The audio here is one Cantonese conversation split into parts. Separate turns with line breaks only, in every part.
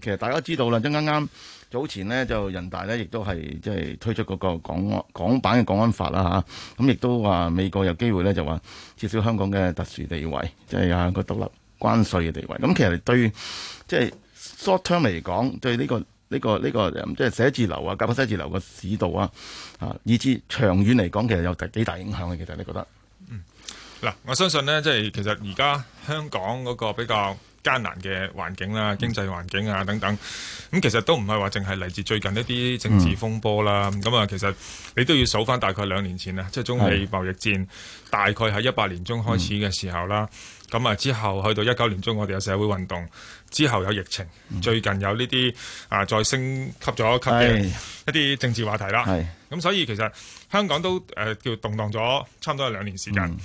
其實大家知道啦，即啱啱早前呢，就人大呢亦都係即係推出嗰個港港版嘅港安法啦、啊、嚇，咁、啊、亦都話美國有機會呢，就話撤銷香港嘅特殊地位，即、就、係、是、啊個獨立關稅嘅地位。咁其實對即係 short term 嚟講，對呢個呢個呢個即係寫字樓啊，夾份寫字樓個市道啊，啊，以至長遠嚟講，其實有幾大影響嘅。其實你覺得？嗯，
嗱、嗯，我相信呢，即係其實而家香港嗰個比較，艱難嘅環境啦，經濟環境啊等等，咁其實都唔係話淨係嚟自最近一啲政治風波啦。咁啊、嗯，其實你都要數翻大概兩年前啊，即係中美貿易戰大概喺一八年中開始嘅時候啦。咁啊、嗯、之後去到一九年中，我哋有社會運動，之後有疫情，嗯、最近有呢啲啊再升級咗一級嘅一啲政治話題啦。咁、嗯、所以其實香港都誒、呃、叫動盪咗差唔多係兩年時間。嗯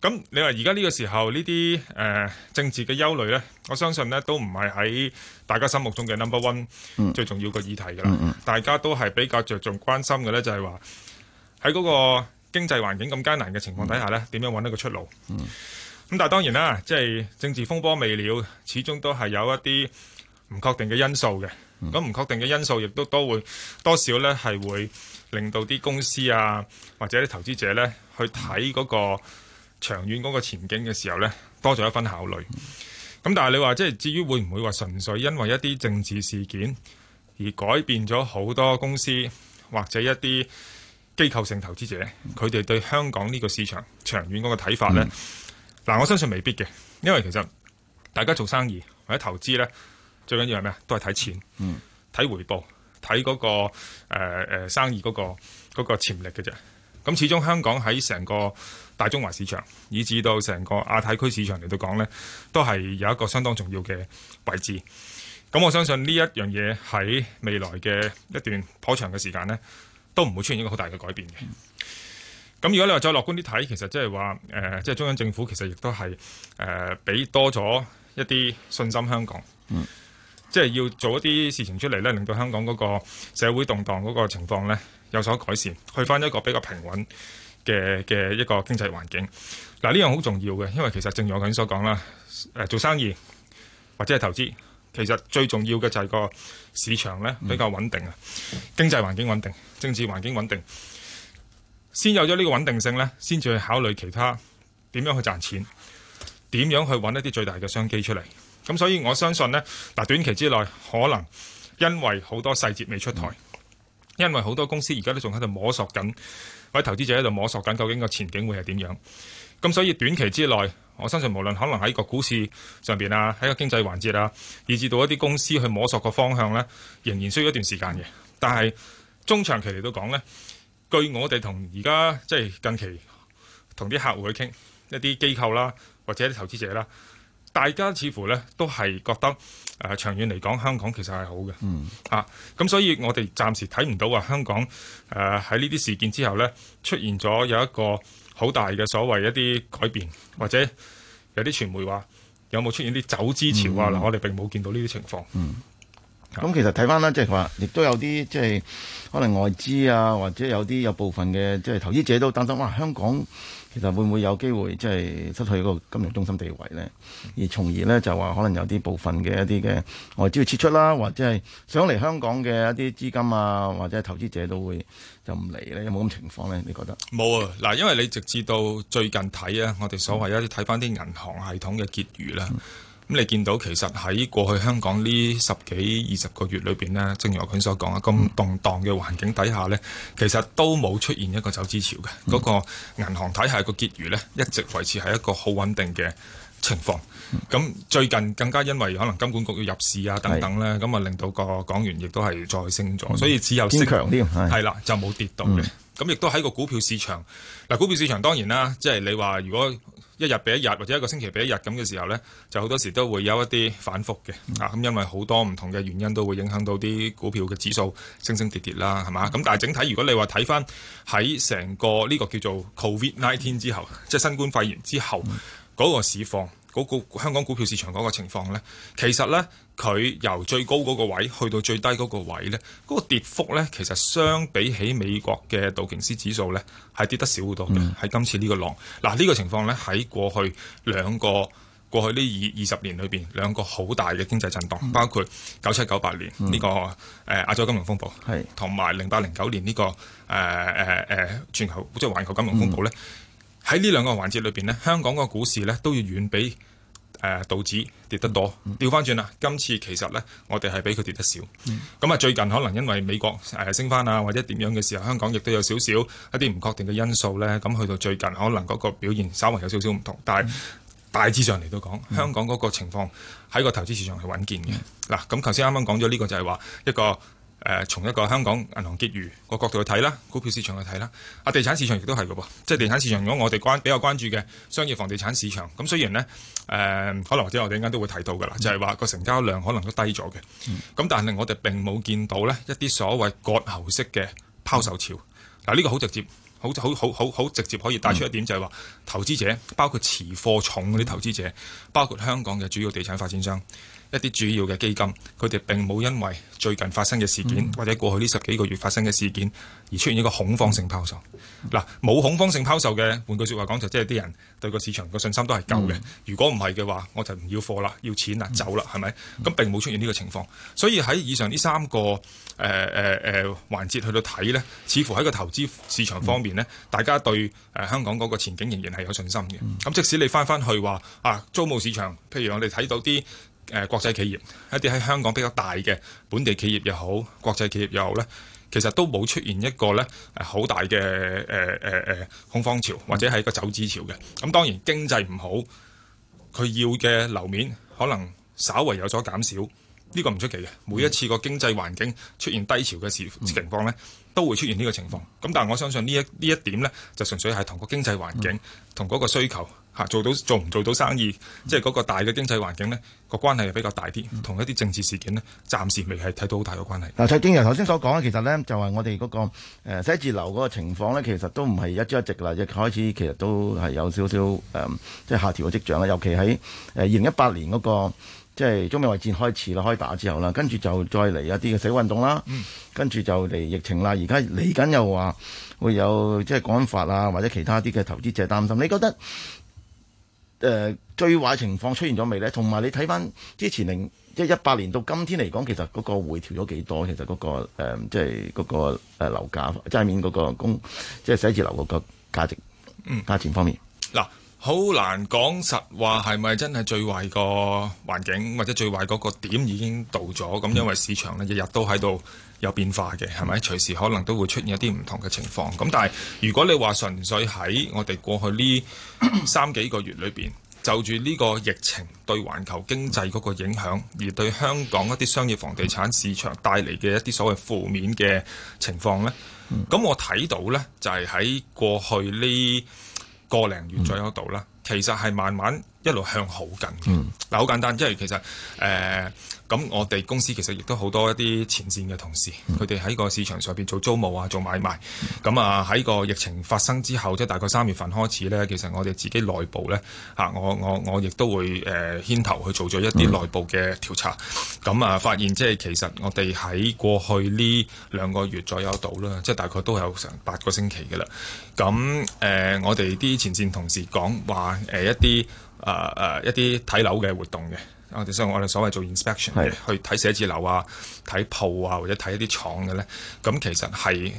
咁你話而家呢個時候呢啲誒政治嘅憂慮呢，我相信呢都唔係喺大家心目中嘅 number one 最重要個議題噶啦。Mm. 大家都係比較着重關心嘅呢，就係話喺嗰個經濟環境咁艱難嘅情況底下呢，點樣揾一個出路？
咁、
mm. 但係當然啦，即係政治風波未了，始終都係有一啲唔確定嘅因素嘅。咁唔確定嘅因素，亦都都會多少呢，係會令到啲公司啊或者啲投資者呢去睇嗰、嗰個。長遠嗰個前景嘅時候呢，多咗一分考慮。咁但係你話即係至於會唔會話純粹因為一啲政治事件而改變咗好多公司或者一啲機構性投資者佢哋、嗯、對香港呢個市場長遠嗰個睇法呢？嗱、嗯，我相信未必嘅，因為其實大家做生意或者投資呢，最緊要係咩？都係睇錢、睇、嗯、回報、睇嗰個誒、呃呃、生意嗰個嗰個潛力嘅啫。咁始終香港喺成個大中華市場，以至到成個亞太區市場嚟到講呢都係有一個相當重要嘅位置。咁我相信呢一樣嘢喺未來嘅一段頗長嘅時間呢都唔會出現一個好大嘅改變嘅。咁如果你話再樂觀啲睇，其實即係話誒，即係中央政府其實亦都係誒俾多咗一啲信心香港。嗯即係要做一啲事情出嚟呢，令到香港嗰個社會動盪嗰個情況呢，有所改善，去翻一個比較平穩嘅嘅一個經濟環境。嗱，呢樣好重要嘅，因為其實正如我頭先所講啦，做生意或者係投資，其實最重要嘅就係個市場呢比較穩定啊，嗯、經濟環境穩定，政治環境穩定，先有咗呢個穩定性呢，先至去考慮其他點樣去賺錢，點樣去揾一啲最大嘅商機出嚟。咁所以我相信呢，嗱，短期之內可能因為好多細節未出台，嗯、因為好多公司而家都仲喺度摸索緊，或者投資者喺度摸索緊，究竟個前景會係點樣，咁所以短期之內，我相信無論可能喺個股市上邊啊，喺個經濟環節啊，以至到一啲公司去摸索個方向咧，仍然需要一段時間嘅。但係中長期嚟到講咧，據我哋同而家即係近期同啲客戶去傾一啲機構啦，或者啲投資者啦。大家似乎咧都係覺得誒、呃、長遠嚟講，香港其實係好嘅。嗯啊，咁所以我哋暫時睇唔到話香港誒喺呢啲事件之後咧出現咗有一個好大嘅所謂一啲改變，或者有啲傳媒話有冇出現啲走資潮，嗯嗯啊？嗱，我哋並冇見到呢啲情況。
嗯。嗯咁其實睇翻啦，即係話，亦都有啲即係可能外資啊，或者有啲有部分嘅即係投資者都擔心，哇！香港其實會唔會有機會即係失去個金融中心地位呢？而從而呢，就話可能有啲部分嘅一啲嘅外資要撤出啦，或者係想嚟香港嘅一啲資金啊，或者投資者都會就唔嚟呢？有冇咁情況呢？你覺得？
冇啊！嗱，因為你直至到最近睇啊，我哋所謂一啲睇翻啲銀行系統嘅結餘啦。嗯咁你見到其實喺過去香港呢十幾二十個月裏邊咧，正如我哋所講啊，咁動盪嘅環境底下咧，其實都冇出現一個走資潮嘅，嗰個銀行體系個結餘咧一直維持係一個好穩定嘅情況。咁最近更加因為可能金管局要入市啊等等咧，咁啊令到個港元亦都係再升咗，所以只有堅強啲，係啦，就冇跌到。咁亦都喺個股票市場，嗱股票市場當然啦，即係你話如果。一日比一日，或者一個星期比一日咁嘅時候呢，就好多時都會有一啲反覆嘅、嗯、啊！咁因為好多唔同嘅原因都會影響到啲股票嘅指數升升跌跌啦，係嘛？咁、嗯、但係整體如果你話睇翻喺成個呢個叫做 Covid Nineteen 之後，即係新冠肺炎之後嗰、嗯、個市況。嗰香港股票市場嗰個情況呢，其實呢，佢由最高嗰個位去到最低嗰個位呢，嗰個跌幅呢，其實相比起美國嘅道瓊斯指數呢，係跌得少好多嘅。喺今次呢個浪，嗱，呢個情況呢，喺過去兩個過去呢二二十年裏邊兩個好大嘅經濟震盪，包括九七九八年呢個誒亞洲金融風暴，同埋零八零九年呢個誒誒誒全球即係環球金融風暴呢。喺呢兩個環節裏邊呢，香港個股市呢，都要遠比。道指跌得多，調返轉啦。今次其實呢，我哋係比佢跌得少。咁啊、嗯，最近可能因為美國誒、呃、升返啊，或者點樣嘅時候，香港亦都有少少一啲唔確定嘅因素呢。咁去到最近，可能嗰個表現稍微有少少唔同，但係、嗯、大致上嚟到講，嗯、香港嗰個情況喺個投資市場係穩健嘅。嗱、嗯，咁頭先啱啱講咗呢個就係話一個。誒、呃、從一個香港銀行結餘個角度去睇啦，股票市場去睇啦，啊地產市場亦都係嘅噃，即係地產市場如果我哋關比較關注嘅商業房地產市場，咁、嗯、雖然呢，誒、呃，可能或者我哋陣間都會睇到嘅啦，嗯、就係話個成交量可能都低咗嘅，咁但係我哋並冇見到呢一啲所謂割喉式嘅拋售潮。嗱呢、嗯、個好直接，好好好好好直接可以帶出一點、嗯、就係話，投資者包括持貨重嗰啲投資者，包括香港嘅主要地產發展商。一啲主要嘅基金，佢哋並冇因為最近發生嘅事件，或者過去呢十幾個月發生嘅事件而出現一個恐慌性拋售。嗱，冇恐慌性拋售嘅，換句説話講，就即係啲人對個市場個信心都係夠嘅。如果唔係嘅話，我就唔要貨啦，要錢啦，走啦，係咪？咁並冇出現呢個情況，所以喺以上呢三個誒誒誒環節去到睇呢，似乎喺個投資市場方面呢，大家對誒香港嗰個前景仍然係有信心嘅。咁即使你返返去話啊，租務市場，譬如我哋睇到啲。誒國際企業，一啲喺香港比較大嘅本地企業又好，國際企業又好呢，其實都冇出現一個呢好大嘅誒誒誒恐慌潮，或者係一個走資潮嘅。咁當然經濟唔好，佢要嘅樓面可能稍為有所減少，呢、呢個唔出奇嘅。每一次個經濟環境出現低潮嘅時情況呢，都會出現呢個情況。咁但係我相信呢一呢一點呢，就純粹係同個經濟環境同嗰、嗯、個需求。做到做唔做到生意，嗯、即係嗰個大嘅經濟環境呢個關係係比較大啲，同、嗯、一啲政治事件呢，
暫時未係睇到好大嘅關係。嗱、呃，蔡經理頭先所講嘅其實呢，就係我哋嗰、那個誒、呃、寫字樓嗰個情況呢，其實都唔係一朝一夕噶啦，一開始其實都係有少少誒、呃，即係下調嘅跡象啦。尤其喺誒二零一八年嗰、那個即係中美圍戰開始啦，開打之後啦，跟住就再嚟一啲嘅社會運動啦，嗯、跟住就嚟疫情啦，而家嚟緊又話會有即係港法啊，或者其他啲嘅投資者擔心，你覺得？誒、呃、最壞情況出現咗未呢？同埋你睇翻之前零、即係一八年到今天嚟講，其實嗰個回調咗幾多？其實嗰、嗰個誒即係嗰個誒樓價面嗰、即係、個即係、即係、寫字樓個價值、嗯、價錢方面，
嗱好難講實話，係咪真係最壞個環境，或者最壞嗰個點已經到咗？咁因為市場呢，日日都喺度。有變化嘅係咪？隨時可能都會出現一啲唔同嘅情況。咁但係如果你話純粹喺我哋過去呢三幾個月裏邊， 就住呢個疫情對環球經濟嗰個影響，而對香港一啲商業房地產市場帶嚟嘅一啲所謂負面嘅情況呢，咁 我睇到呢，就係、係、喺過去呢個零月左右度啦， 其實係慢慢。一路向好緊，嗱好、嗯、簡單，即係其實誒咁，呃、我哋公司其實亦都好多一啲前線嘅同事，佢哋喺個市場上邊做租務啊，做買賣。咁、嗯、啊喺個疫情發生之後，即、就、係、是、大概三月份開始呢，其實我哋自己內部呢，嚇、啊，我我我亦都會誒、呃、牽頭去做咗一啲內部嘅調查。咁、嗯、啊，發現即係其實我哋喺過去呢兩個月左右度啦，即、就、係、是、大概都有成八個星期嘅啦。咁誒、呃，我哋啲前線同事講話誒一啲。誒誒、呃，一啲睇樓嘅活動嘅，我哋所我哋所謂做 inspection 嘅，去睇寫字樓啊、睇鋪啊，或者睇一啲廠嘅呢。咁其實係誒、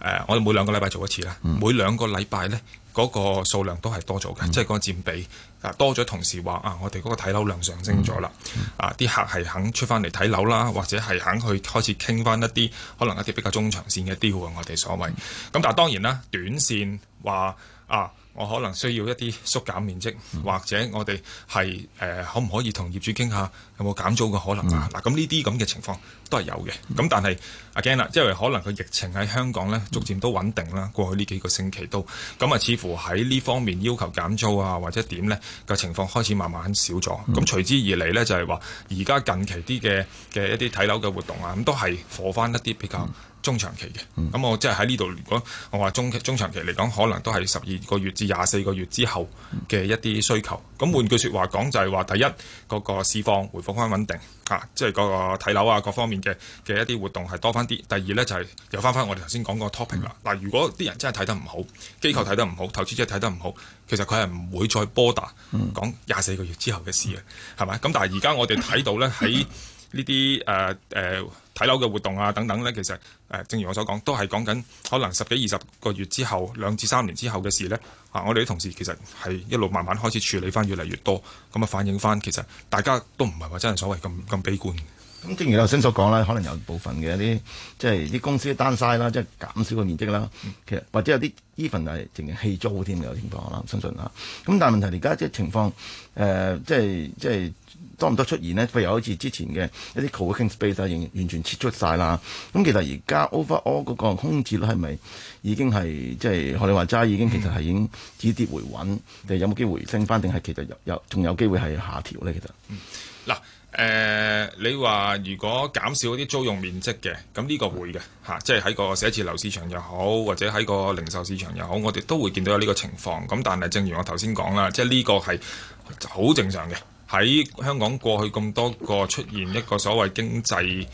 呃，我哋每兩個禮拜做一次啦。嗯、每兩個禮拜呢嗰、嗰個數量都係多咗嘅，嗯、即係個佔比啊多咗。同時話啊，我哋嗰個睇樓量上升咗啦，嗯、啊啲客係肯出翻嚟睇樓啦，或者係肯去開始傾翻一啲可能一啲比較中長線嘅 deal 我哋所謂。咁、嗯、但係當然啦，短線話啊。啊啊我可能需要一啲縮減面積，嗯、或者我哋係誒可唔可以同業主傾下有冇減租嘅可能啊？嗱、嗯，咁呢啲咁嘅情況都係有嘅。咁但係阿 Ken 啦，因為可能佢疫情喺香港呢，逐漸都穩定啦，過去呢幾個星期都咁啊，似乎喺呢方面要求減租啊或者點呢個情況開始慢慢少咗。咁隨、嗯嗯、之而嚟呢，就係、是、話，而家近期啲嘅嘅一啲睇樓嘅活動啊，咁都係火翻一啲比較，中長期嘅，咁、嗯嗯、我即係喺呢度。如果我話中中長期嚟講，可能都係十二個月至廿四個月之後嘅一啲需求。咁、嗯、換句説話講，就係、是、話第一，嗰個市況回復翻穩定嚇、啊，即係嗰個睇樓啊各方面嘅嘅一啲活動係多翻啲。第二呢，就係、是、又翻翻我哋頭先講個 topic 啦。嗱、嗯，如果啲人真係睇得唔好，機構睇得唔好，投資者睇得唔好，其實佢係唔會再波打、嗯、講廿四個月之後嘅事嘅，係咪、嗯？咁但係而家我哋睇到呢，喺呢啲誒誒。呃呃呃呃呃睇樓嘅活動啊，等等呢，其實誒，正如我所講，都係講緊可能十幾二十個月之後，兩至三年之後嘅事呢。啊，我哋啲同事其實係一路慢慢開始處理返，
越嚟越多咁啊，反映返其實大家都唔係話真係所謂咁咁悲觀。咁正如頭先所講啦，可能有部分嘅一啲即係啲公司 down size 啦，即係減少個面積啦。其實或者有啲 even 係淨係棄租添嘅有啲情況啦，相信啦，咁但係問題而家即係情況誒、呃，即係即係多唔多出現呢？譬如好似之前嘅一啲 co working space 啊，完完全撤出晒啦。咁其實而家 overall 嗰個空置率係咪已經係即係學你話齋已經其實係已經止跌回穩？定有冇機會升翻？定係其實有有仲有機會係下調咧？其實
嗱誒。你話如果減少嗰啲租用面積嘅，咁呢個會嘅嚇、啊，即係喺個寫字樓市場又好，或者喺個零售市場又好，我哋都會見到有呢個情況。咁但係正如我頭先講啦，即係呢個係好正常嘅。喺香港過去咁多個出現一個所謂經濟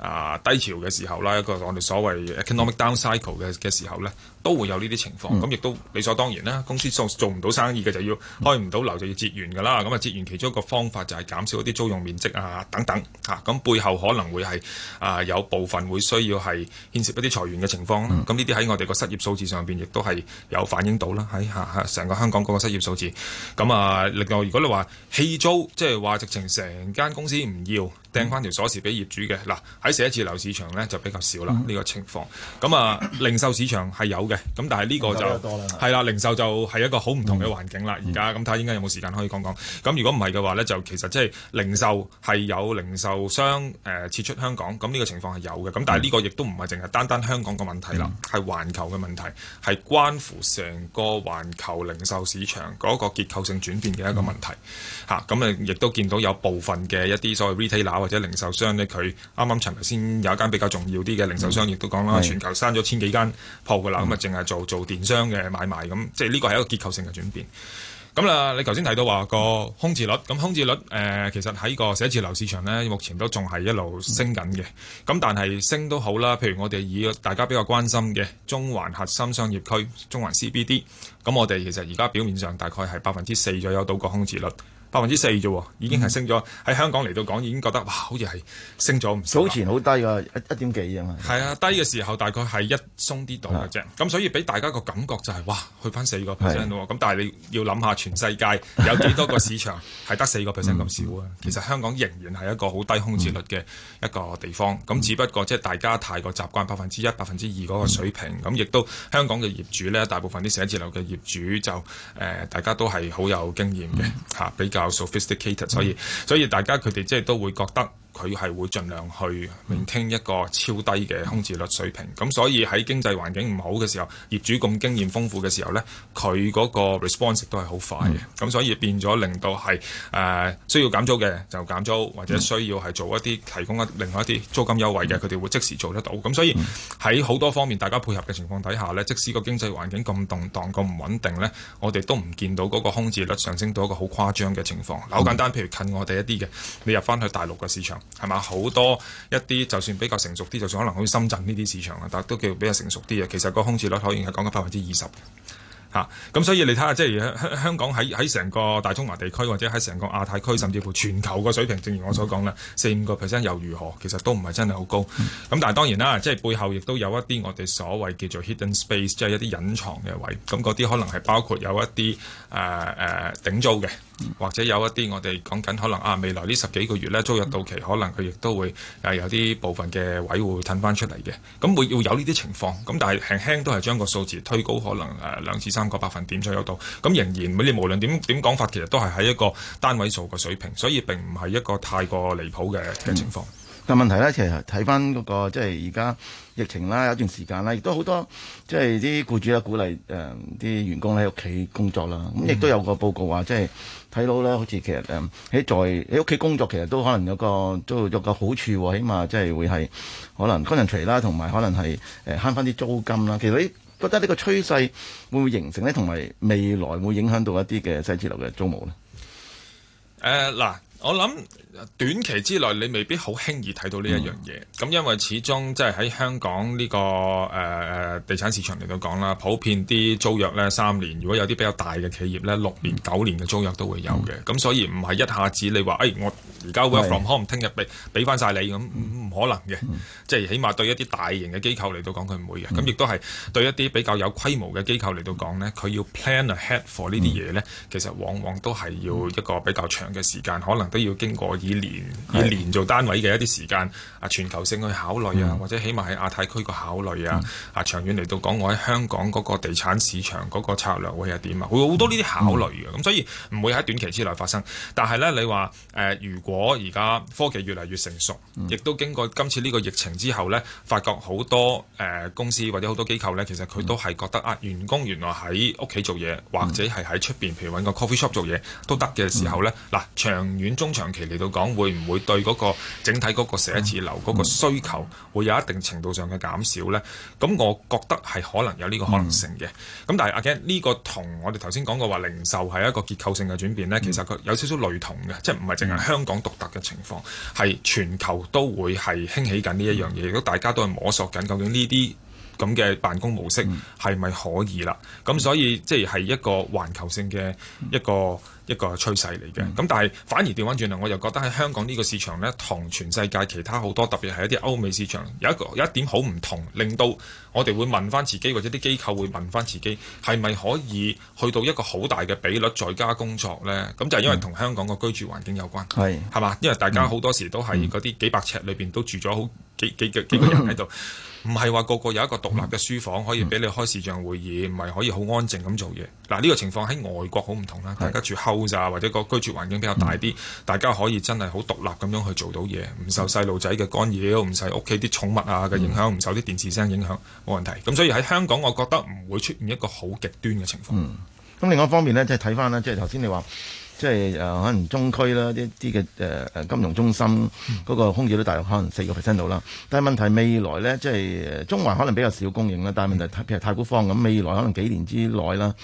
啊、呃、低潮嘅時候啦，一個我哋所謂 economic down cycle 嘅嘅時候呢。都會有呢啲情況，咁亦都理所當然啦。公司做唔到生意嘅，就要開唔到樓，就要節源噶啦。咁啊，節源其中一個方法就係減少一啲租用面積啊，啊，等等吓，咁背後可能會係啊，有部分會需要係牽涉一啲裁員嘅情況。咁呢啲喺我哋個失業數字上邊亦都係有反映到啦。喺嚇嚇成個香港個失業數字。咁啊，另外如果你話棄租，即係話直情成間公司唔要掟翻條鎖匙俾業主嘅。嗱，喺寫字樓市場咧就比較少啦呢，嗯嗯、個情況，咁啊，零售市場係有嘅。咁但係呢個就係啦，零售就係一個好唔同嘅環境啦。而家咁睇下應該有冇時間可以講講。咁如果唔係嘅話呢，就其實即係零售係有零售商誒撤出香港。咁、嗯、呢、這個情況係有嘅。咁但係呢個亦都唔係淨係單單香港個問題啦，係環、嗯、球嘅問題，係關乎成個環球零售市場嗰個結構性轉變嘅一個問題。嚇咁誒，亦都、啊、見到有部分嘅一啲所謂 retailer 或者零售商呢，佢啱啱尋頭先有一間比較重要啲嘅零售商，亦都講啦，全球閂咗千幾間鋪嘅啦。嗯淨係做做電商嘅買賣，咁即係呢個係一個結構性嘅轉變。咁啦，你頭先提到話個空置率，咁空置率誒、呃、其實喺個寫字樓市場呢，目前都仲係一路升緊嘅。咁但係升都好啦，譬如我哋以大家比較關心嘅中環核心商業區、中環 CBD，咁我哋其實而家表面上大概係百分之四左右到個空置率。百分之四啫，已經係升咗。喺香港嚟到講，已經覺得哇，好似係升咗唔
少。早前好低嘅一一點幾啊嘛，
係啊，低嘅時候大概係一鬆啲度嘅啫。咁所以俾大家個感覺就係哇，去返四個 percent 咯。咁但係你要諗下，全世界有幾多個市場係得四個 percent 咁少啊？其實香港仍然係一個好低空置率嘅一個地方。咁只不過即係大家太過習慣百分之一、百分之二嗰個水平。咁亦都香港嘅業主呢，大部分啲寫字樓嘅業主就誒，大家都係好有經驗嘅嚇，較 sophisticated，所以所以大家佢哋即係都會覺得。佢係會盡量去 maintain 一個超低嘅空置率水平，咁所以喺經濟環境唔好嘅時候，業主咁經驗豐富嘅時候呢，佢嗰個 response 都係好快嘅，咁、嗯、所以變咗令到係誒、呃、需要減租嘅就減租，或者需要係做一啲提供一另外一啲租金優惠嘅，佢哋會即時做得到。咁所以喺好多方面大家配合嘅情況底下呢，即使個經濟環境咁動盪、咁唔穩定呢，我哋都唔見到嗰個空置率上升到一個好誇張嘅情況。嗱，好簡單，譬如近我哋一啲嘅，你入翻去大陸嘅市場。係嘛？好多一啲就算比較成熟啲，就算可能好似深圳呢啲市場啊，但都叫比較成熟啲嘅。其實個空置率可以係講緊百分之二十嚇。咁、啊、所以你睇下，即係香港喺喺成個大中華地區，或者喺成個亞太區，甚至乎全球個水平，正如我所講啦，四五個 percent 又如何？其實都唔係真係好高。咁、嗯、但係當然啦，即係背後亦都有一啲我哋所謂叫做 hidden space，即係一啲隱藏嘅位。咁嗰啲可能係包括有一啲誒誒頂租嘅。或者有一啲我哋講緊可能啊未來呢十幾個月呢，租約到期，可能佢亦都會誒有啲部分嘅位會褪翻出嚟嘅，咁、嗯、會要有呢啲情況。咁、嗯、但係輕輕都係將個數字推高，可能誒兩至三個百分點左右到。咁仍然，你無論點點講法，其實都係喺一個單位數嘅水平，所以並唔係一個太過離譜嘅嘅情況。
但問題呢，其實睇翻嗰個即係而家。疫情啦，有一段時間啦，亦都好多即係啲僱主呀鼓勵誒啲員工喺屋企工作啦。咁亦都有個報告話，即係睇到咧，好似其實誒喺、嗯、在喺屋企工作，其實都可能有個租有個好處喎、啊。起碼即係會係可能工人除啦，同埋可能係誒慳翻啲租金啦。其實你覺得呢個趨勢會唔會形成呢？同埋未來會影響到一啲嘅寫字樓嘅租務咧？
誒嗱。我諗短期之內你未必好輕易睇到呢一樣嘢，咁、嗯、因為始終即係喺香港呢、呢個誒、呃、地產市場嚟到講啦，普遍啲租約呢三年，如果有啲比較大嘅企業呢六年、九年嘅租約都會有嘅，咁、嗯、所以唔係一下子你話誒、哎、我而家 work from home，聽日俾俾翻曬你咁唔可能嘅，即係、嗯、起碼對一啲大型嘅機構嚟到講佢唔會嘅，咁亦都係對一啲比較有規模嘅機構嚟到講呢，佢要 plan ahead for 呢啲嘢呢，嗯、其實往往都係要一個比較長嘅時間，可能。都要經過以年以年做單位嘅一啲時間，啊的全球性去考慮啊，嗯、或者起碼喺亞太區個考慮啊，啊、嗯、長遠嚟到講，我喺香港嗰個地產市場嗰個策略會係點啊？會好、嗯、多呢啲考慮嘅，咁、嗯、所以唔會喺短期之內發生。但係呢，你話誒、呃，如果而家科技越嚟越成熟，亦、嗯、都經過今次呢個疫情之後呢，發覺好多誒、呃、公司或者好多機構呢，其實佢都係覺得、嗯、啊，員工員原來喺屋企做嘢，或者係喺出邊，譬如揾個 coffee shop 做嘢都得嘅時候呢。嗱、嗯、長遠，遠。中長期嚟到講，會唔會對嗰個整體嗰個寫字樓嗰個需求、嗯、會有一定程度上嘅減少呢？咁我覺得係可能有呢個可能性嘅。咁、嗯、但係阿 Ken 呢個同我哋頭先講過話，零售係一個結構性嘅轉變呢，其實佢有少少類同嘅，嗯、即係唔係淨係香港獨特嘅情況，係、嗯、全球都會係興起緊呢一樣嘢。如果、嗯、大家都係摸索緊，究竟呢啲咁嘅辦公模式係咪可以啦？咁、嗯、所以即係一個環球性嘅一個、嗯、一個趨勢嚟嘅。咁、嗯、但係反而調翻轉嚟，我又覺得喺香港呢個市場呢，同全世界其他好多特別係一啲歐美市場有一個有一點好唔同，令到我哋會問翻自己，或者啲機構會問翻自己，係咪可以去到一個好大嘅比率在家工作呢？咁就因為同香港個居住環境有關，係係嘛？因為大家好多時都係嗰啲幾百尺裏邊都住咗好幾幾幾個人喺度。 唔係話個個有一個獨立嘅書房、嗯、可以俾你開視像會議，唔係、嗯、可以好安靜咁做嘢。嗱呢、嗯、個情況喺外國好唔同啦，嗯、大家住豪宅或者個居住環境比較大啲，嗯、大家可以真係好獨立咁樣去做到嘢，唔、嗯、受細路仔嘅干擾，唔使屋企啲寵物啊嘅影響，唔、嗯、受啲電視聲影響，冇問題。咁、嗯、所以喺香港，我覺得唔會出現一個好極端嘅情況。咁、
嗯、另外一方面呢，即係睇翻咧，即係頭先你話。即係誒、呃、可能中區啦，一啲嘅誒誒金融中心嗰個空置都大約可能四個 percent 到啦。但係問題未來咧，即係誒中環可能比較少供應啦。但係問題譬如太古坊咁，未來可能幾年之內啦，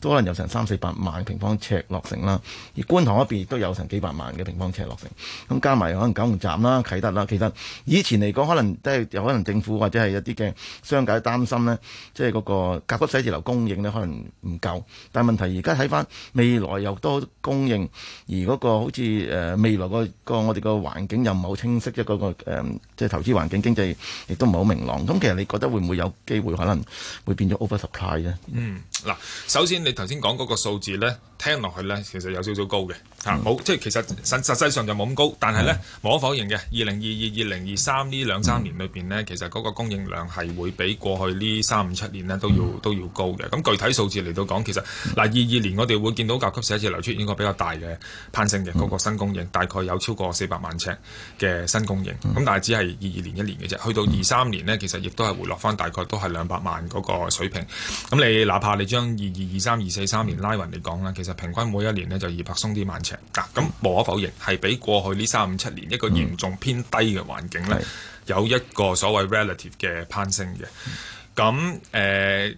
都可能有成三四百萬平方尺落成啦。而觀塘嗰邊都有成幾百萬嘅平方尺落成。咁加埋可能九龍站啦、啟德啦，其實以前嚟講可能即係有可能政府或者係一啲嘅商界擔心咧，即係嗰個甲級寫字樓供應咧可能唔夠，但係問題而家睇翻未來又多供。應而嗰個好似誒未來個我哋個環境又唔係好清晰，即係嗰個誒即係投資環境經濟亦都唔係好明朗。咁其實你覺得會唔會有機會可能會變咗 over supply 咧？嗯，
嗱，首先你頭先講嗰個數字呢，聽落去呢其實有少少高嘅吓，好即係其實實實際上就冇咁高，但係呢，無、嗯、可否認嘅，二零二二、二零二三呢兩三年裏邊呢，嗯、其實嗰個供應量係會比過去呢三五七年呢都要、嗯、都要高嘅。咁具體數字嚟到講，其實嗱二二年我哋會見到甲級寫字樓出應該比較。大嘅攀升嘅嗰、那個新供應，大概有超過四百萬尺嘅新供應，咁、嗯、但係只係二二年一年嘅啫。去到二三年呢，其實亦都係回落翻，大概都係兩百萬嗰個水平。咁你哪怕你將二二二三二四三年拉勻嚟講啦，其實平均每一年呢，就二百鬆啲萬尺。嗱，咁無可否認係比過去呢三五七年一個嚴重偏低嘅環境呢，嗯、有一個所謂 relative 嘅攀升嘅。咁誒、嗯呃，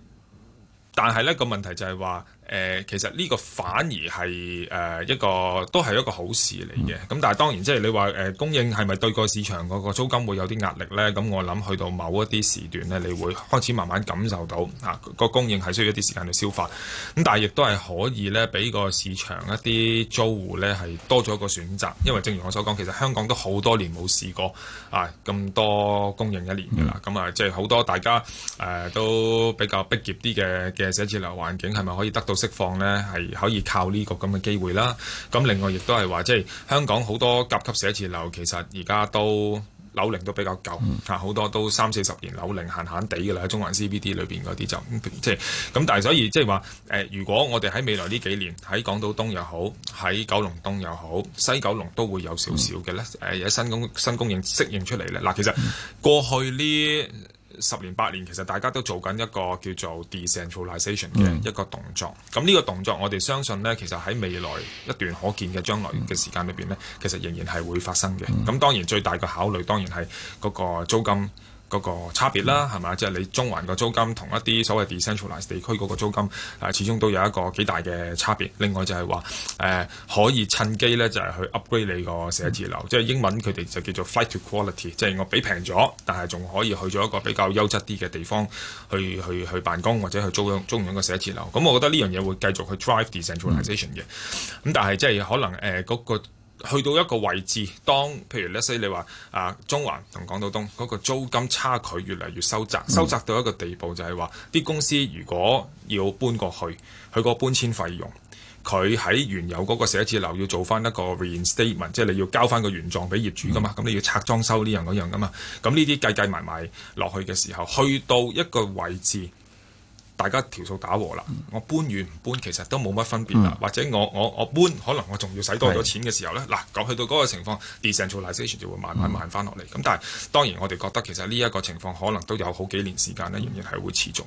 但係呢個問題就係話。誒、呃，其實呢個反而係誒、呃、一個都係一個好事嚟嘅。咁但係當然，即係你話誒、呃、供應係咪對個市場嗰個租金會有啲壓力呢？咁我諗去到某一啲時段呢，你會開始慢慢感受到啊個供應係需要一啲時間去消化。咁、啊、但係亦都係可以呢，俾個市場一啲租戶呢係多咗一個選擇。因為正如我所講，其實香港都好多年冇試過啊咁多供應一年㗎喇。咁啊，即係好多大家誒都比較逼狹啲嘅嘅寫字樓環境係咪可以得到？釋放呢係可以靠呢個咁嘅機會啦。咁另外亦都係話，即係香港好多甲級寫字樓，其實而家都樓齡都比較舊，嚇好、嗯、多都三四十年樓齡，閒閒地嘅啦。喺中環 CBD 裏邊嗰啲就、嗯、即係咁，但係所以即係話，誒、呃，如果我哋喺未來呢幾年，喺港島東又好，喺九龍東又好，西九龍都會有少少嘅呢。誒、嗯，有、呃、新供新供應適應出嚟呢。嗱，其實過去呢，十年八年，其實大家都做緊一個叫做 decentralization 嘅一個動作。咁呢、mm hmm. 個動作，我哋相信呢，其實喺未來一段可見嘅將來嘅時間裏邊呢，其實仍然係會發生嘅。咁、mm hmm. 當然最大嘅考慮，當然係嗰個租金。嗰個差別啦，係嘛、嗯？即係、就是、你中環個租金同一啲所謂 decentralized 地區嗰個租金，係、啊、始終都有一個幾大嘅差別。另外就係話，誒、呃、可以趁機咧就係、是、去 upgrade 你個寫字樓，即係、嗯、英文佢哋就叫做 flight to quality，即係我畀平咗，但係仲可以去咗一個比較優質啲嘅地方去去去,去辦公或者去租用租用一個寫字樓。咁我覺得呢樣嘢會繼續去 drive decentralization 嘅。咁、嗯嗯、但係即係可能誒嗰、呃那個去到一個位置，當譬如，let's say 你話啊，中環同港島東嗰，那個租金差距越嚟越收窄，嗯、收窄到一個地步就，就係話啲公司如果要搬過去，佢個搬遷費用，佢喺原有嗰個寫字樓要做翻一個 reinstatement，即係你要交翻個原狀俾業主噶嘛，咁、嗯、你要拆裝修呢樣嗰樣噶嘛，咁呢啲計計埋埋落去嘅時候，去到一個位置。大家條數打和啦，我搬完唔搬其實都冇乜分別啦，嗯、或者我我我搬，可能我仲要使多咗錢嘅時候咧，嗱，講去到嗰個情況 decentralization 就會慢慢慢翻落嚟。咁、嗯、但係當然我哋覺得其實呢一個情況可能都有好幾年時間呢，仍然係會持續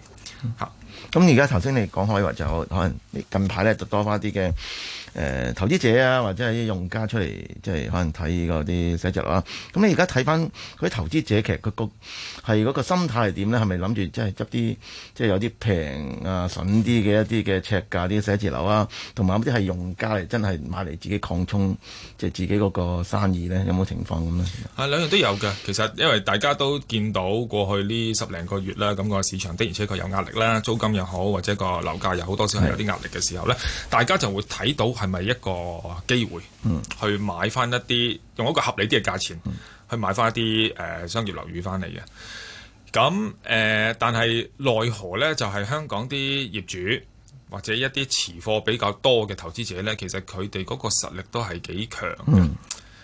嚇。咁而家頭先你講開話就可能近排呢，就多翻啲嘅誒投資者啊，或者係用家出嚟，即係可能睇嗰啲指標啊。咁你而家睇翻嗰啲投資者其實個係嗰個心態係點呢？係咪諗住即係執啲即係有啲平？平啊，筍啲嘅一啲嘅尺價啲寫字樓啊，同埋啲係用家嚟真係買嚟自己擴充，即係自己嗰個生意呢，有冇情況咁呢？
啊，兩樣都有㗎。其實因為大家都見到過去呢十零個月啦，咁個市場的而且確有壓力啦，租金又好，或者個樓價又好，多少係有啲壓力嘅時候呢，是的 大家就會睇到係咪一個機會，去買翻一啲、嗯、用一個合理啲嘅價錢、嗯、去買翻一啲誒、呃、商業樓宇翻嚟嘅。咁誒、呃，但係奈何呢？就係、是、香港啲業主或者一啲持貨比較多嘅投資者呢，其實佢哋嗰個實力都係幾強嘅。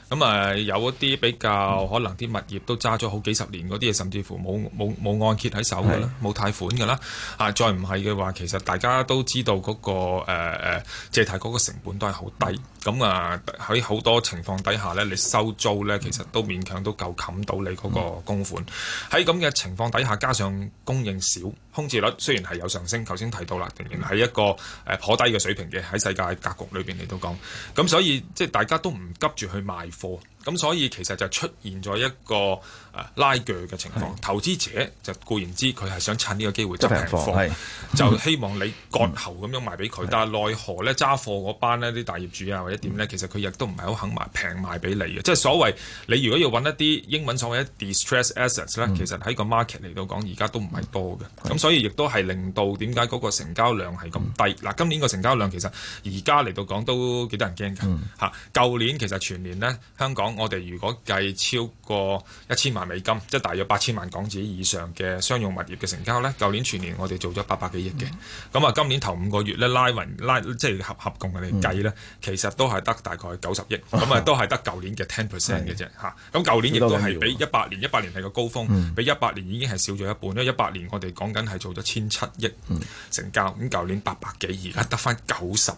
咁啊，有一啲比較可能啲物業都揸咗好幾十年嗰啲嘢，甚至乎冇冇冇按揭喺手嘅啦，冇貸是款嘅啦。啊，再唔係嘅話，其實大家都知道嗰、那個誒、呃、借貸嗰個成本都係好低。嗯。咁啊喺好多情況底下呢，你收租呢，其實都勉強都夠冚到你嗰個供款。喺咁嘅情況底下，加上供應少，空置率雖然係有上升，頭先提到啦，仍然係一個誒頗低嘅水平嘅，喺世界格局裏邊嚟到講。咁所以即係大家都唔急住去賣貨。咁所以其實就出現咗一個啊拉鋸嘅情況，投資者就固然知佢係想趁呢個機會執平貨，就希望你割喉咁樣賣俾佢。但係奈何咧，揸貨嗰班呢啲大業主啊或者點咧，其實佢亦都唔係好肯賣平賣俾你嘅。即係所謂你如果要揾一啲英文所謂嘅 distress assets 咧，其實喺個 market 嚟到講而家都唔係多嘅。咁所以亦都係令到點解嗰個成交量係咁低？嗱，今年個成交量其實而家嚟到講都幾多人驚㗎吓。舊年其實全年呢，香港，我哋如果計超過一千萬美金，即係大約八千萬港紙以上嘅商用物業嘅成交呢，舊年全年我哋做咗八百幾億嘅。咁啊、嗯，今年頭五個月呢，拉雲拉即係合合共，我哋計呢，其實都係得大概九十億。咁啊，都係得舊年嘅 ten percent 嘅啫嚇。咁舊是年亦都係比一八年，一八少年係個高峰，嗯、比一八年已經係少咗一半，因為一八年我哋講緊係做咗千七億成交，咁舊、嗯、年八百幾，而家得翻九十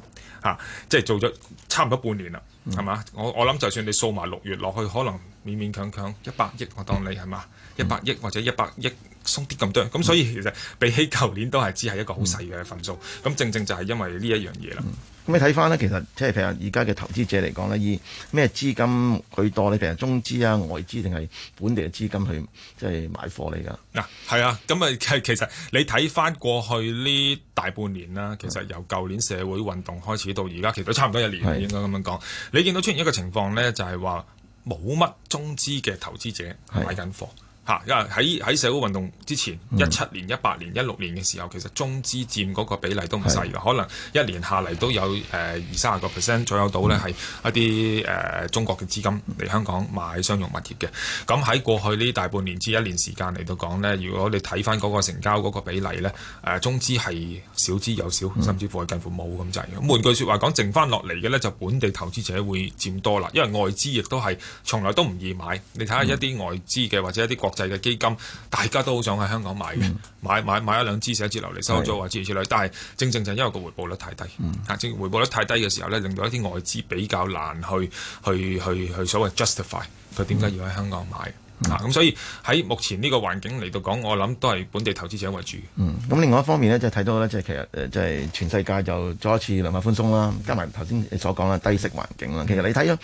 嚇，即係做咗差唔多半年啦。係嘛？我我諗就算你掃埋六月落去，可能勉勉強強一百億，我當你係嘛？一百億或者一百億。鬆啲咁多，咁所以其實比起舊年都係只係一個好細嘅份數，咁、嗯、正正就係因為呢一樣嘢啦。咁、
嗯、你睇翻呢，其實即係譬如而家嘅投資者嚟講呢，以咩資金去多呢？譬如中資啊、外資定係本地嘅資金去即係、就是、買貨嚟噶。
嗱，係啊，咁咪、啊、其實你睇翻過去呢大半年啦，其實由舊年社會運動開始到而家，其實都差唔多一年啦，是應該咁樣講。你見到出現一個情況呢，就係話冇乜中資嘅投資者買緊貨。嚇，因為喺喺社會運動之前，一七、嗯、年、一八年、一六年嘅時候，其實中資佔嗰個比例都唔細㗎，是可能一年下嚟都有誒二三十個 percent 左右到呢，係、嗯、一啲誒、呃、中國嘅資金嚟香港買商用物業嘅。咁喺過去呢大半年至一年時間嚟到講呢，如果你睇翻嗰個成交嗰個比例呢，誒、呃、中資係少之又少，甚至乎係近乎冇咁滯。咁換、嗯、句説話講，剩翻落嚟嘅呢，就本地投資者會佔多啦，因為外資亦都係從來都唔易買。你睇下一啲外資嘅或者一啲國嘅基金，大家都好想喺香港買嘅、嗯，買買買一兩支、寫字樓嚟收租的或者諸如此類。但係正正就因為個回報率太低，啊、嗯，正正回報率太低嘅時候咧，令到一啲外資比較難去去去去所謂 justify 佢點解要喺香港買。嗱，咁、嗯嗯、所以喺目前呢個環境嚟到講，我諗都係本地投資者為主。
嗯，咁另外一方面咧，就睇、是、到呢，即係其實即係全世界就再一次量化寬鬆啦，加埋頭先你所講啦，低息環境啦。其實你睇咗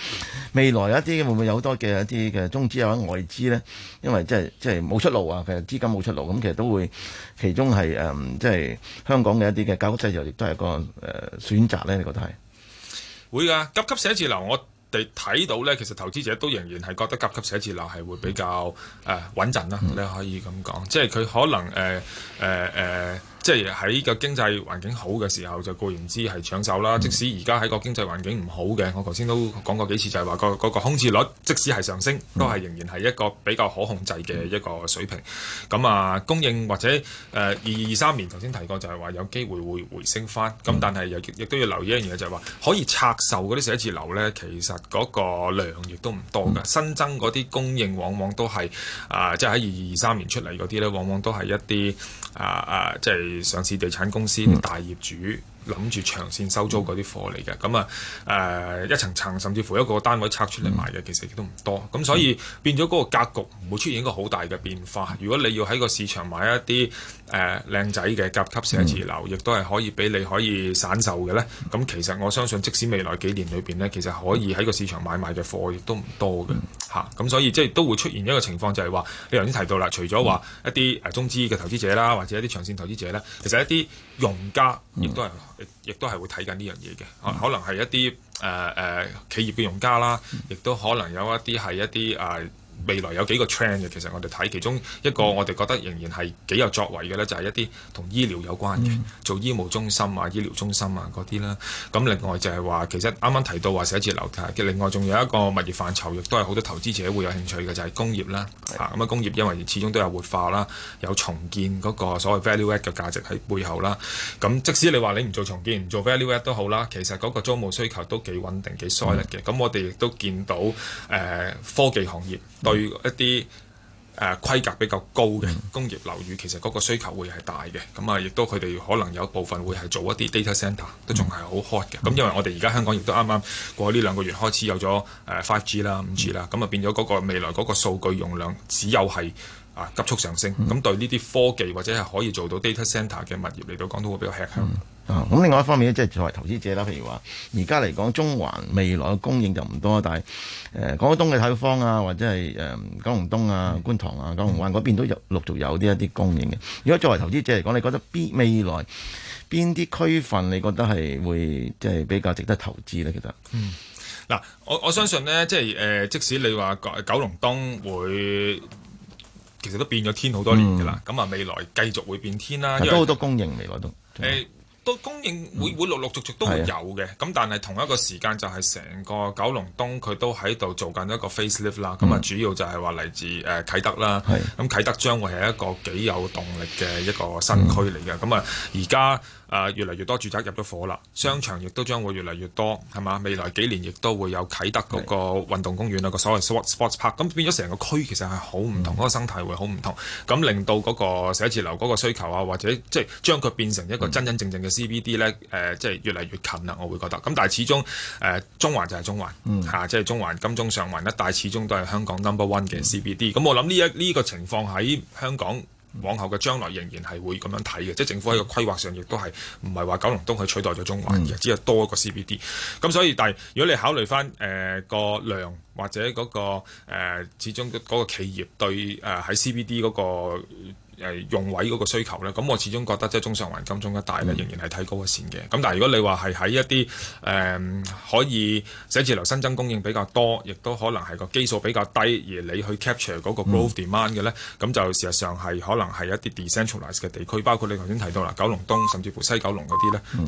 未來有一啲會唔會有好多嘅一啲嘅中資或者外資呢？因為即係即係冇出路啊，其實資金冇出路，咁其實都會其中係誒，即、嗯、係、就是、香港嘅一啲嘅教育制度亦都係個誒、呃、選擇呢。你覺得係
會㗎？急急寫字樓我哋睇到呢，其實投資者都仍然係覺得甲級寫字樓係會比較誒穩陣啦，你可以咁講，嗯、即係佢可能誒誒誒。呃呃呃即係喺個經濟環境好嘅時候就固然之係搶手啦。即使而家喺個經濟環境唔好嘅，我頭先都講過幾次，就係話個嗰個空置率即使係上升，都係仍然係一個比較可控制嘅一個水平。咁啊，供應或者誒二二三年頭先提過就係話有機會會回升翻。咁但係又亦都要留意一樣嘢就係話可以拆售嗰啲寫字樓呢，其實嗰個量亦都唔多㗎。新增嗰啲供應往往都係啊、呃，即係喺二二三年出嚟嗰啲呢，往往都係一啲啊啊，即係。上市地產公司大業主。諗住長線收租嗰啲貨嚟嘅，咁啊誒一層層甚至乎一個單位拆出嚟賣嘅，嗯、其實亦都唔多，咁所以變咗嗰個格局唔會出現一個好大嘅變化。如果你要喺個市場買一啲誒靚仔嘅甲級寫字樓，亦都係可以俾你可以散售嘅呢。咁其實我相信即使未來幾年裏邊呢，其實可以喺個市場買賣嘅貨亦都唔多嘅吓，咁、嗯啊、所以即係都會出現一個情況就係話，你頭先提到啦，除咗話一啲誒中資嘅投資者啦，或者一啲長線投資者呢，其實一啲用家亦都係。亦都係會睇緊呢樣嘢嘅，可能係一啲誒誒企業嘅用家啦，亦都可能有一啲係一啲誒。呃未來有幾個 trend 嘅，其實我哋睇其中一個，我哋覺得仍然係幾有作為嘅呢就係、是、一啲同醫療有關嘅，嗯、做醫務中心啊、醫療中心啊嗰啲啦。咁另外就係話，其實啱啱提到話寫字樓㗎，嘅另外仲有一個物業範疇，亦都係好多投資者會有興趣嘅，就係、是、工業啦咁是啊工業因為始終都有活化啦，有重建嗰個所謂 value add 嘅價值喺背後啦。咁即使你話你唔做重建，唔做 value add 都好啦，其實嗰個租務需求都幾穩定、幾 solid 嘅、嗯。咁我哋亦都見到誒、呃、科技行業。對一啲誒、呃、規格比較高嘅工業樓宇，其實嗰個需求會係大嘅。咁啊，亦都佢哋可能有部分會係做一啲 data center，都仲係好 hot 嘅。咁因為我哋而家香港亦都啱啱過呢兩個月開始有咗誒 five G 啦、五 G 啦，咁啊變咗嗰個未來嗰個數據容量只有係。啊！急速上升，咁、嗯嗯嗯、對呢啲科技或者係可以做到 data centre 嘅物業嚟到講，都會比較吃香。
啊！咁另外一方面即係、就是、作為投資者啦，譬如話，而家嚟講，中環未來嘅供應就唔多，但係誒港島東嘅太古坊啊，或者係誒、呃、九龍東啊、觀塘啊、九龍灣嗰邊都陸續有呢一啲供應嘅。如果作為投資者嚟講，你覺得未來邊啲區份你覺得係會即係、就是、比較值得投資咧？其實，
嗱、嗯嗯，我我相信呢，即係誒、呃，即使你話九龍東會。其實都變咗天好多年噶啦，咁啊、嗯嗯、未來繼續會變天啦。因都為好
多供應嚟，我都
誒都供應會、嗯、會陸陸續續都會有嘅。咁是的 但係同一個時間就係成個九龍東佢都喺度做緊一個 facelift 啦。咁啊、嗯、主要就係話嚟自誒啟、呃、德啦。咁啟是的 德將會係一個幾有動力嘅一個新區嚟嘅。咁啊而家。嗯誒越嚟越多住宅入咗伙啦，商場亦都將會越嚟越多，係嘛？未來幾年亦都會有啟德嗰個運動公園啊，是個所謂 sport sports park，咁變咗成個區其實係好唔同，嗰、嗯、個生態會好唔同，咁令到嗰個寫字樓嗰個需求啊，或者即係將佢變成一個真真正正嘅 CBD 咧、嗯，誒、呃、即係越嚟越近啦，我會覺得。咁但係始終誒、呃、中環就係中環嚇、嗯啊，即係中環金鐘上環啦，但係始終都係香港 number one 嘅 CBD。咁我諗呢一呢個情況喺香港。往後嘅將來仍然係會咁樣睇嘅，即係政府喺個規劃上亦都係唔係話九龍東去取代咗中環嘅，嗯、只係多一個 CBD。咁所以但係如果你考慮翻誒個量或者嗰個始終嗰個企業對誒喺、呃、CBD 嗰、嗰個。呃誒用位嗰個需求咧，咁我始終覺得即係中上環金鐘一帶咧，仍然係睇高一線嘅。咁但係如果你話係喺一啲誒、呃、可以寫字樓新增供應比較多，亦都可能係個基數比較低，而你去 capture 嗰個 growth demand 嘅咧，咁、嗯、就事實上係可能係一啲 decentralized 嘅地區，包括你頭先提到啦，九龍東甚至乎西九龍嗰啲咧。嗯